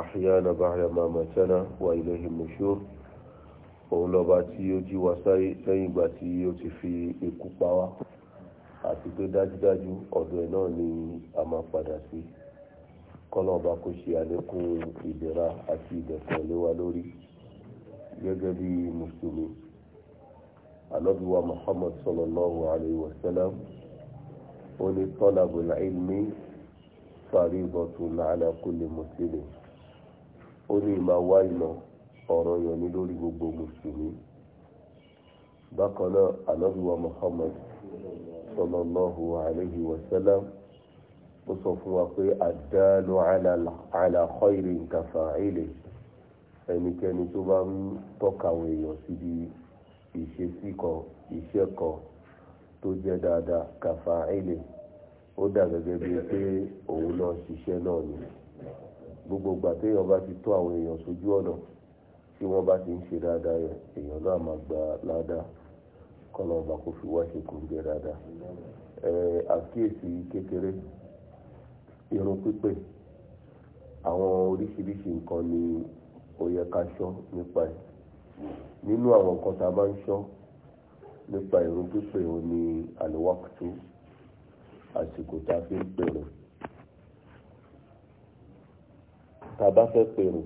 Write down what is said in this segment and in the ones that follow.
àhíyáná báyà máa mọ̀tánà wà ilẹ̀ ìmọ̀ṣó òun lọ́ba tí ó jí wa sáyé lẹ́yìn ìgbà tí ó ti fi ikú pa wá àti pé dájúdájú ọ̀dọ̀ ẹ̀ náà ni a máa padà sí kọ́nà ọba kó ṣe àlékún ìdẹ̀ra àti ìdẹ̀kùn lé lórí gẹ́gẹ́ bí mùsùlùmí alọ́bíwá muhammad sallallahu alayhi wa sallam ó ní talabul ilmi faridatun ala kulli muslimin. ó ní ìmọ̀ wá ìmọ̀ ọ̀rọ̀ yàn ní lórí gbogbo mùsùlùmí bákan náà anábìwá Muhammad sallallahu alayhi wa sallam ó sọ fún wa pé àlàkọ ala khairin kafa'ilihi ẹnikẹ́ni tó bá ń tọ́ka àwọn èèyàn síbi ìṣesí kan iṣẹ́ kan tó jẹ dáadáa ó dà gbogbo ìgbà téèyàn bá ti tó àwọn èèyàn sójú ọ̀nà tí wọ́n bá ti ń ṣe dáadáa yẹn èèyàn náà máa gba ládàá kọ́nà ọba kò fi wá ṣe kò ń jẹ dáadáa. àkíyèsí kékeré irun pípé àwọn oríṣiríṣi nǹkan ni ó yẹ ká ṣọ́ nípa ẹ̀ nínú àwọn nǹkan tá a máa ń ṣọ́ nípa irun pípé òun ni àlùwàkùtù àsìkò tá a fi ń pè rẹ̀. tá a bá fẹ́ pèrò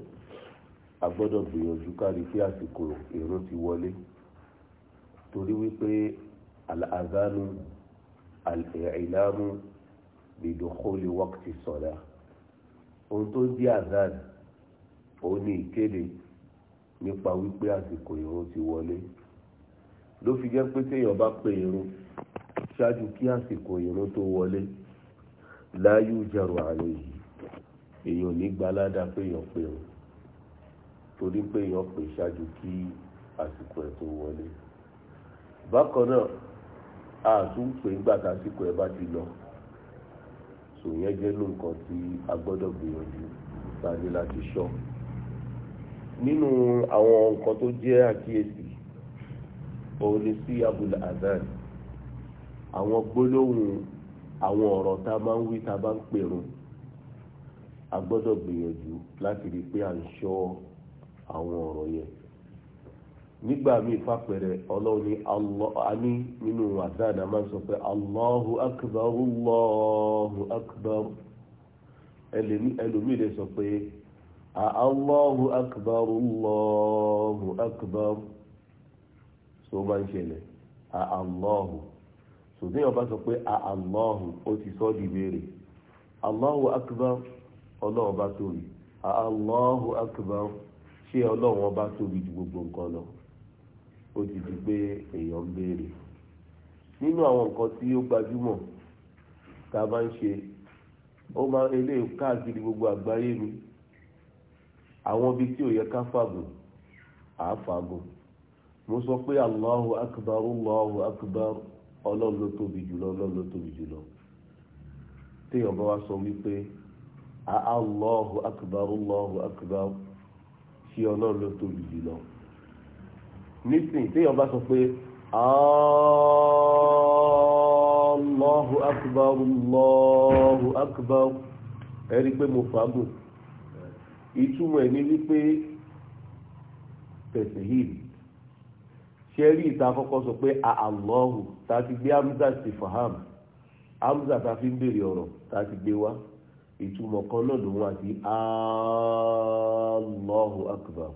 a gbọ́dọ̀ gbìyànjú kárí pé àsìkò ìrun ti wọlé torí wípé al-adhanu al-i'lamu bidukhuli waqti salah ohun tó ń di azan òun ni ìkéde nípa wípé àsìkò ìrun ti wọlé ló fi jẹ́ pé téèyàn bá pe ìrun ṣáájú kí àsìkò ìrun tó wọlé la yujaru alayhi èyí ò ní gbalada pé èèyàn pé o torí pé èèyàn pè ṣáájú kí àsìkò ẹ̀ tó wọlé bákan náà a tún pè ńgbà tásìkò ẹ̀ bá ti lọ sòyẹn jẹ́ ló nǹkan tí a gbọ́dọ̀ gbìyànjú tá a ní láti ṣọ́ nínú àwọn nǹkan tó jẹ́ àkíyèsí òun ni sí abúlé azan àwọn gbólóhùn àwọn ọ̀rọ̀ tá a máa ń wí tá a bá ń pèrún a gbọ́dọ̀ gbìyànjú láti rí i pé à ń ṣọ́ àwọn ọ̀rọ̀ yẹn nígbà míì fàpẹrẹ ọlọ́run ní àní nínú àdáàdá máa ń sọ pé allahu ẹlòmíì lè sọ pé allahu akbar allahu akbar so máa ń ṣẹlẹ̀ allahu so sọ pé ó ti sọ di béèrè allahu ọlọ́run bá tóbi Allahu akbar ṣé ọlọ́run ọba tóbi ju gbogbo nǹkan lọ ó ti di pé èèyàn béèrè nínú àwọn nǹkan tí ó gbajúmọ̀ tá a bá ṣe ó máa eléyìí káàkiri gbogbo àgbáyé mi àwọn ibi tí ò yẹ ká fàgùn mo sọ pé Allahu akbar Allahu akbar ọlọ́run ló tóbi jùlọ ọlọ́run ló tóbi jùlọ téèyàn bá wá sọ wípé Allahu akbar Allahu akbar ṣé ọlọ́run ló tóbi náà. nísìnyí téèyàn bá sọ pé Allahu akbar Allahu akbar ẹ rí mo fàágùn ìtumọ̀ ẹ̀ ní wípé tẹ̀síhìlì ṣe rí ìta kọ́kọ́ sọ pé àlọ́hù a ti gbé hamza sí faham hamza fi ń ọ̀rọ̀ ti gbé wa. ìtumọ̀ kan náà lòun àti Allahu akbar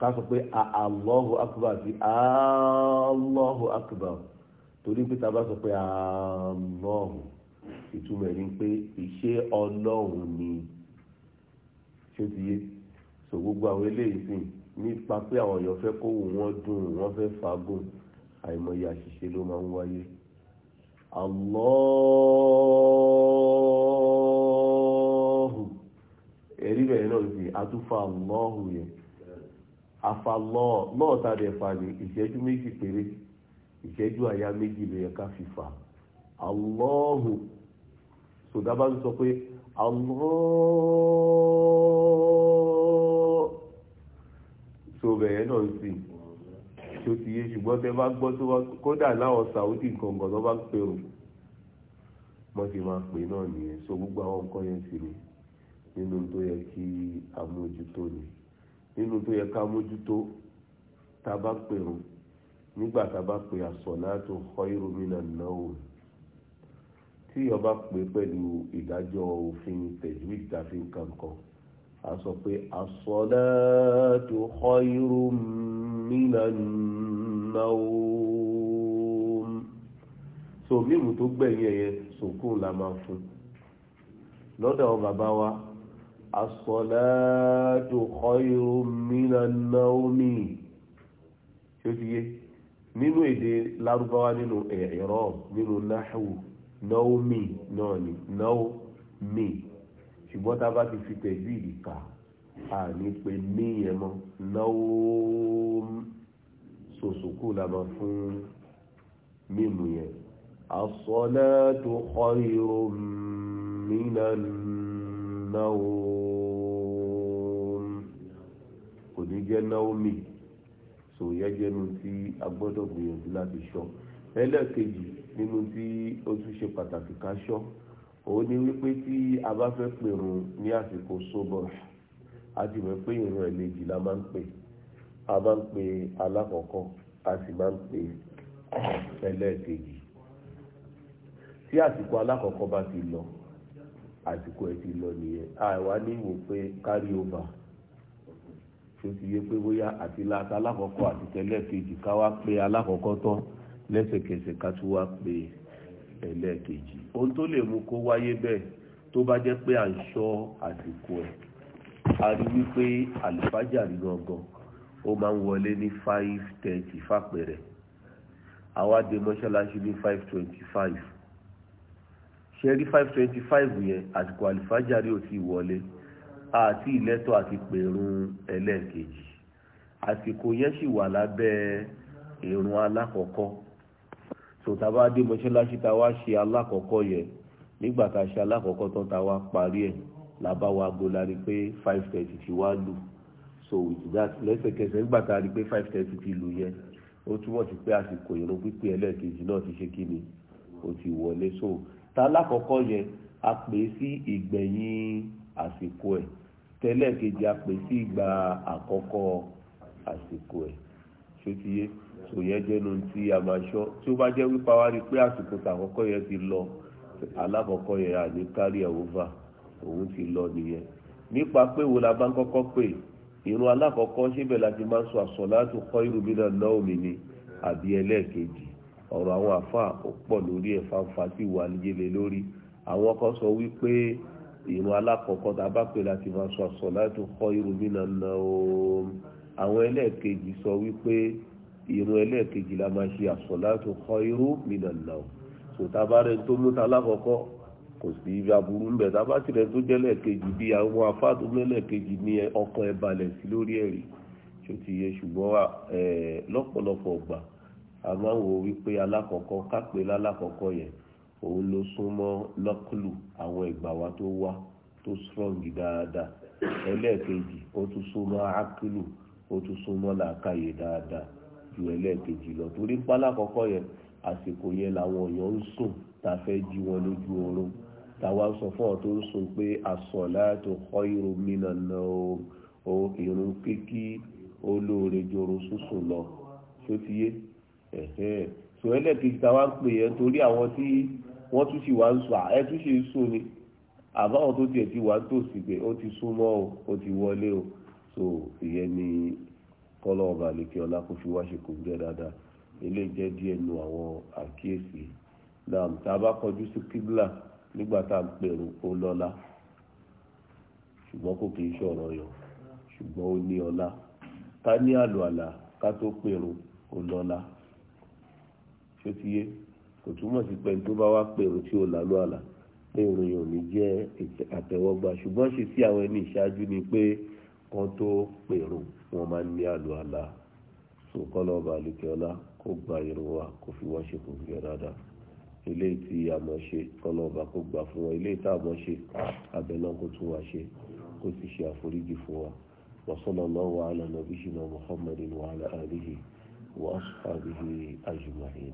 ká sọ pé Allahu akbar àti Allahu akbar torí pé tá a bá sọ pé Allahu ìtumọ̀ ẹ̀ ni pé ìṣe ọlọ́run ni ṣé ti yé so gbogbo àwọn eléyìí sìn nípa pé àwọn èèyàn fẹ́ kó wù wọ́n dùn wọ́n fẹ́ fagùn àìmọye àṣìṣe ló máa ń wáyé. Allah. níbẹ̀ náà ṣe adúfà lọ́ọ̀hù yẹn àfàlọ́ lọ́ọ̀ta dẹ̀ fà ní ìṣẹ́jú méjì péré ìṣẹ́jú àyà méjì ló yẹ ká fi fà àlọ́ọ̀hù sòdábà ń sọ pé so bẹ̀rẹ̀ náà sì tó ti yé ṣùgbọ́n tẹ bá gbọ́ tó wá kódà láwọn pè náà nìyẹn so gbogbo àwọn nǹkan yẹn sì nínú tó yẹ kí amójútó ni nínú tó yẹ ká mójútó tá a bá pè rún nígbà tá a bá pè as-salatu khairu minan tí ìyọba pè pẹ̀lú ìdájọ́ òfin tajwid tàfi kankan a sọ pé as-salatu khairu minan so mímu tó gbẹ̀yìn ẹ̀yẹ sòkún la máa fún lọ́dọ̀ bàbá wa as-salatu khayrun minan nawmi ṣókíyé nínú èdè lárúbáwá nínú ẹ̀rọ nínú náhù náómì náà ni náómì ṣùgbọ́n tá a bá ti fi tẹ̀jú ìdìkà a ní pe mí yẹn mọ́ náómì sòsòkò la máa fún mímu yẹn as-salatu khayrun minan náwóom kò ní jẹ́ náwómi sò yẹn jẹ́nu tí a gbọ́dọ̀ gbìyànjú láti sọ ẹlẹ́ẹ̀kejì nínú tí ó tún ṣe pàtàkì ká sọ òun ni wípé tí a bá fẹ́ pèrun ní àsìkò sóbọ̀ a ti mọ̀ pé ìrun ẹ̀lẹ́jì la máa ń pè a máa ń pè alákọ̀ọ́kọ́ a sì máa ń pè ẹlẹ́ẹ̀kejì tí àsìkò alákọ̀ọ́kọ́ bá ti lọ àsìkò ẹ ti lọ nìyẹn àìwá ní wò pé kárí over tó ti yé pé bóyá àti láta alákọ̀ọ́kọ́ àti tẹ́lẹ̀ kejì ká wá pé alákọ̀ọ́kọ́ tán lẹ́sẹ̀kẹsẹ̀ ká tún wá pé ẹlẹ́ẹ̀kejì ohun tó lè mú kó wáyé bẹ́ẹ̀ tó bá jẹ́ pé à ń ṣọ́ àsìkò ẹ̀ a rí wípé àlùfájàrí gangan ó máa ń wọlé ní five thirty fàpẹ̀rẹ̀ àwa dé mọ́ṣáláṣí ní five twenty five ṣẹ́rí five twenty five yẹn àsìkò àlùfájàrí ò ti wọlé àti ìlẹ́tọ̀ àti pèrún ẹlẹ́ẹ̀kejì àsìkò yẹn sì wà lábẹ́ ìrun alákọ̀ọ́kọ́ sòtàbá dé mọ́ṣáláṣí tá a wá ṣe alákọ̀ọ́kọ́ yẹn nígbà tá a ṣe alákọ̀ọ́kọ́ tán tá wá parí ẹ̀ làbá wa gola rí pé five thirty ti wá lù so with that lẹ́sẹ̀kẹsẹ̀ nígbà tá a rí pé five thirty ti lù yẹn ó túmọ̀ sí pé àsìkò ìrun pípé ẹlẹ́ẹ̀kejì náà ti ṣe kí ni ó ti wọlé so tálákọ̀ọ́kọ́ yẹn a pè é sí ìgbẹ̀yìn àsìkò ẹ̀ tẹ́lẹ̀ kejì a pè é sí ìgbà àkọ́kọ́ àsìkò ẹ̀ ṣótiyé sòyẹ́ jẹ́nu tí a máa ṣọ́ tí ó bá jẹ́ wípé wá rí i pé àsìkò tàkọ́kọ́ yẹn ti lọ alákọ̀ọ́kọ́ yẹn àní kárí ẹ̀ òun ti lọ nìyẹn nípa pé wo la bá ń kọ́kọ́ pè irun alákọ̀ọ́kọ́ síbẹ̀ la máa sọ àsọ̀lá tó kọ́ irun náà náà mi ni àbí ẹlẹ́ẹ̀kejì ọ̀rọ̀ àwọn àfa ó pọ̀ lórí ẹ̀ fanfa sí ìwà níyẹlẹ lórí àwọn kan sọ wípé ìrun alákọ̀ọ́kọ́ tá a bá pè láti máa sọ as-salatu khayrun minan nawm àwọn ẹlẹ́ẹ̀kejì sọ wípé ìrun ẹlẹ́ẹ̀kejì la máa ṣe as-salatu khayrun minan nawm sòtábàárẹ̀ tó mú ta alákọ̀ọ́kọ́ kò sí ibi aburú ń bẹ̀ tábà tirẹ̀ tó jẹ́ lẹ́ẹ̀kejì bí àwọn afáàtò lẹ́ẹ̀kejì ní ọkàn ẹ̀ balẹ̀ sí lórí ẹ̀rí ṣòtìyẹ ṣùgbọ́n lọ́pọ̀lọpọ̀ gbà a máa ń wò wípé alákọ̀ọ́kọ́ kápẹ́ lálákọ̀ọ́kọ́ yẹn òun ló súnmọ́ lọ́kùlù àwọn ìgbà wa tó wá tó strong dáadáa ẹlẹ́ẹ̀kejì ó tún súnmọ́ ákìlù ó tún súnmọ́ làákàyè dáadáa ju ẹlẹ́ẹ̀kejì lọ torí pálákọ̀ọ́kọ́ yẹn àsìkò yẹn làwọn èèyàn ń sùn tá a fẹ́ jí wọn lójú oorun táwa sọ fún ọ tó ń sùn pé as-salatu khayrun minan nawm o ìrun kíkí olóore joro sùsùn lọ ṣó ti yé sọ ẹlẹ́kejì táwa ń pè yẹn torí àwọn tí wọ́n tún sì wá ń sọ ẹ tún sì ń sọ ni àbáwọn tó tiẹ̀ ti wà ń tòsí pé ó ti súnmọ́ o ó ti wọlé o so ìyẹn ni kọ́lọ́ ọba àlekè ọlá kó fi wá ṣe kò ń jẹ́ dáadáa ilé jẹ́ díẹ̀ nu àwọn àkíyèsí náà tá a bá kọjú sí kíbla nígbà tá a ń pèrò ó lọ́lá ṣùgbọ́n kò kì í ṣọ̀rọ̀ yọ ṣùgbọ́n ó ní ọlá ká ní àlùalà ká tó pèrò ó lọ́lá tí ó ti yé kò túmọ̀ sí pé tó bá wá pé irun tí ó là ló àlà pé irun yìí ò ní jẹ́ àtẹ̀wọ́gbà ṣùgbọ́n ṣe sí àwọn ẹni ìṣáájú ni pé kan tó pè irun wọn máa ń ní àlọ́ àlà sòkòlò ọba àlùkẹ́ọ́lá kó gba irun wa kó fi wọ́n ṣe kò gẹ̀ dáadáa ilé tí a mọ̀ ṣe kọ́lọ́ ọba kó gbà fún wa ilé tá a mọ̀ ṣe abẹ náà kó tún wa ṣe kó sì ṣe àforíjì fún wa wa sallallahu ala nabiyina Muhammadin wa ala وأصحابه أجمعين